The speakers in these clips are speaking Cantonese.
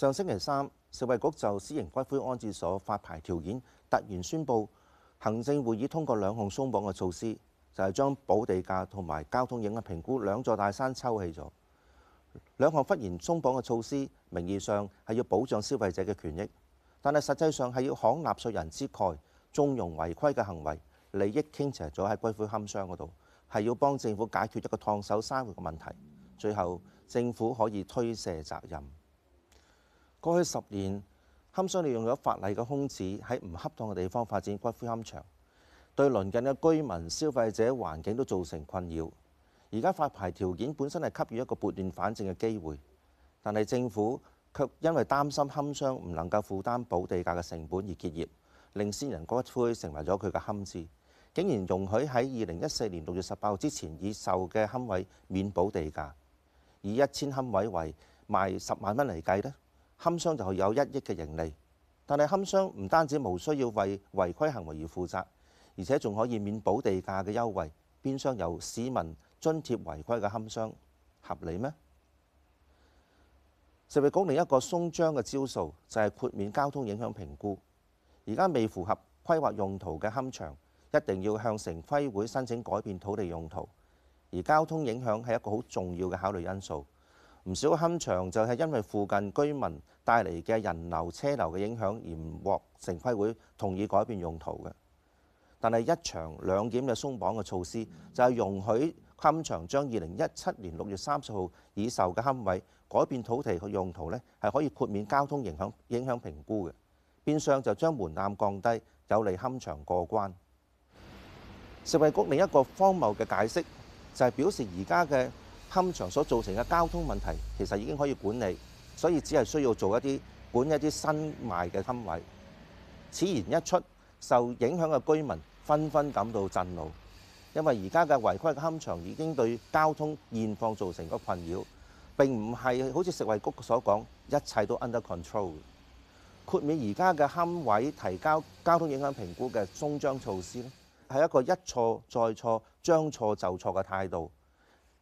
上星期三，食衞局就私營骨灰安置所發牌條件突然宣布，行政會議通過兩項鬆綁嘅措施，就係、是、將補地價同埋交通影響評估兩座大山抽起咗。兩項忽然鬆綁嘅措施，名義上係要保障消費者嘅權益，但係實際上係要慷納稅人之慨，縱容違規嘅行為，利益傾斜咗喺骨灰龕場嗰度，係要幫政府解決一個燙手山芋嘅問題。最後政府可以推卸責任。過去十年，龕商利用咗法例嘅空子，喺唔恰當嘅地方發展骨灰龕場，對鄰近嘅居民、消費者、環境都造成困擾。而家發牌條件本身係給予一個撥亂反正嘅機會，但係政府卻因為擔心龕商唔能夠負擔補地價嘅成本而結業，令先人骨灰成為咗佢嘅龕置，竟然容許喺二零一四年六月十八號之前已售嘅龕位免補地價，以一千龕位為賣十萬蚊嚟計呢。堪龕商就係有一億嘅盈利，但係龕商唔單止無需要為違規行為而負責，而且仲可以免補地價嘅優惠。變相由市民津貼違規嘅龕商合理咩？食衞局另一個鬆張嘅招數就係豁免交通影響評估。而家未符合規劃用途嘅龕場，一定要向城規會申請改變土地用途，而交通影響係一個好重要嘅考慮因素。唔少龕場就係因為附近居民帶嚟嘅人流車流嘅影響，而唔獲城規會同意改變用途嘅。但係一場兩檢嘅鬆綁嘅措施，就係容許龕場將二零一七年六月三十號已售嘅龕位改變土地嘅用途咧，係可以豁免交通影響影響評估嘅。變相就將門檻降低，有利龕場過關。食衞局另一個荒謬嘅解釋就係表示而家嘅。龕場所造成嘅交通問題，其實已經可以管理，所以只係需要做一啲管一啲新賣嘅龕位。此言一出，受影響嘅居民紛紛感到震怒，因為而家嘅違規龕場已經對交通現況造成咗困擾，並唔係好似食衛局所講，一切都 under control。豁免而家嘅龕位提交交通影響評估嘅鬆綁措施咧，係一個一錯再錯、將錯就錯嘅態度。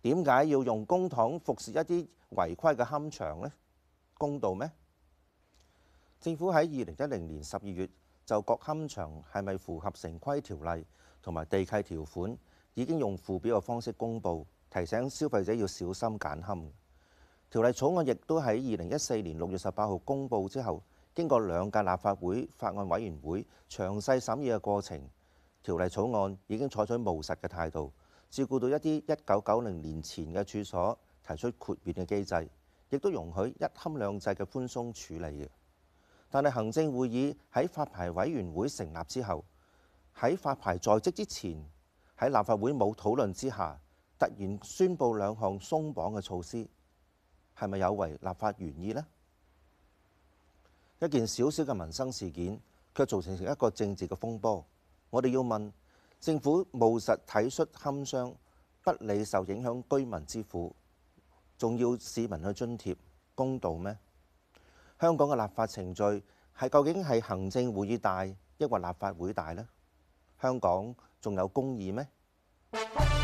點解要用公帑服侍一啲違規嘅龕場呢？公道咩？政府喺二零一零年十二月就各龕場係咪符合城規條例同埋地契條款，已經用附表嘅方式公佈，提醒消費者要小心揀龕。條例草案亦都喺二零一四年六月十八號公佈之後，經過兩屆立法會法案委員會詳細審議嘅過程，條例草案已經採取務實嘅態度。照顧到一啲一九九零年前嘅處所，提出豁免嘅機制，亦都容許一冚兩制嘅寬鬆處理嘅。但係行政會議喺發牌委員會成立之後，喺發牌在即之前，喺立法會冇討論之下，突然宣佈兩項鬆綁嘅措施，係咪有違立法原意呢？一件小小嘅民生事件，卻造成成一個政治嘅風波。我哋要問。政府冇實體恤堪傷，不理受影響居民之苦，仲要市民去津貼，公道咩？香港嘅立法程序係究竟係行政會議大，抑或立法會大呢？香港仲有公義咩？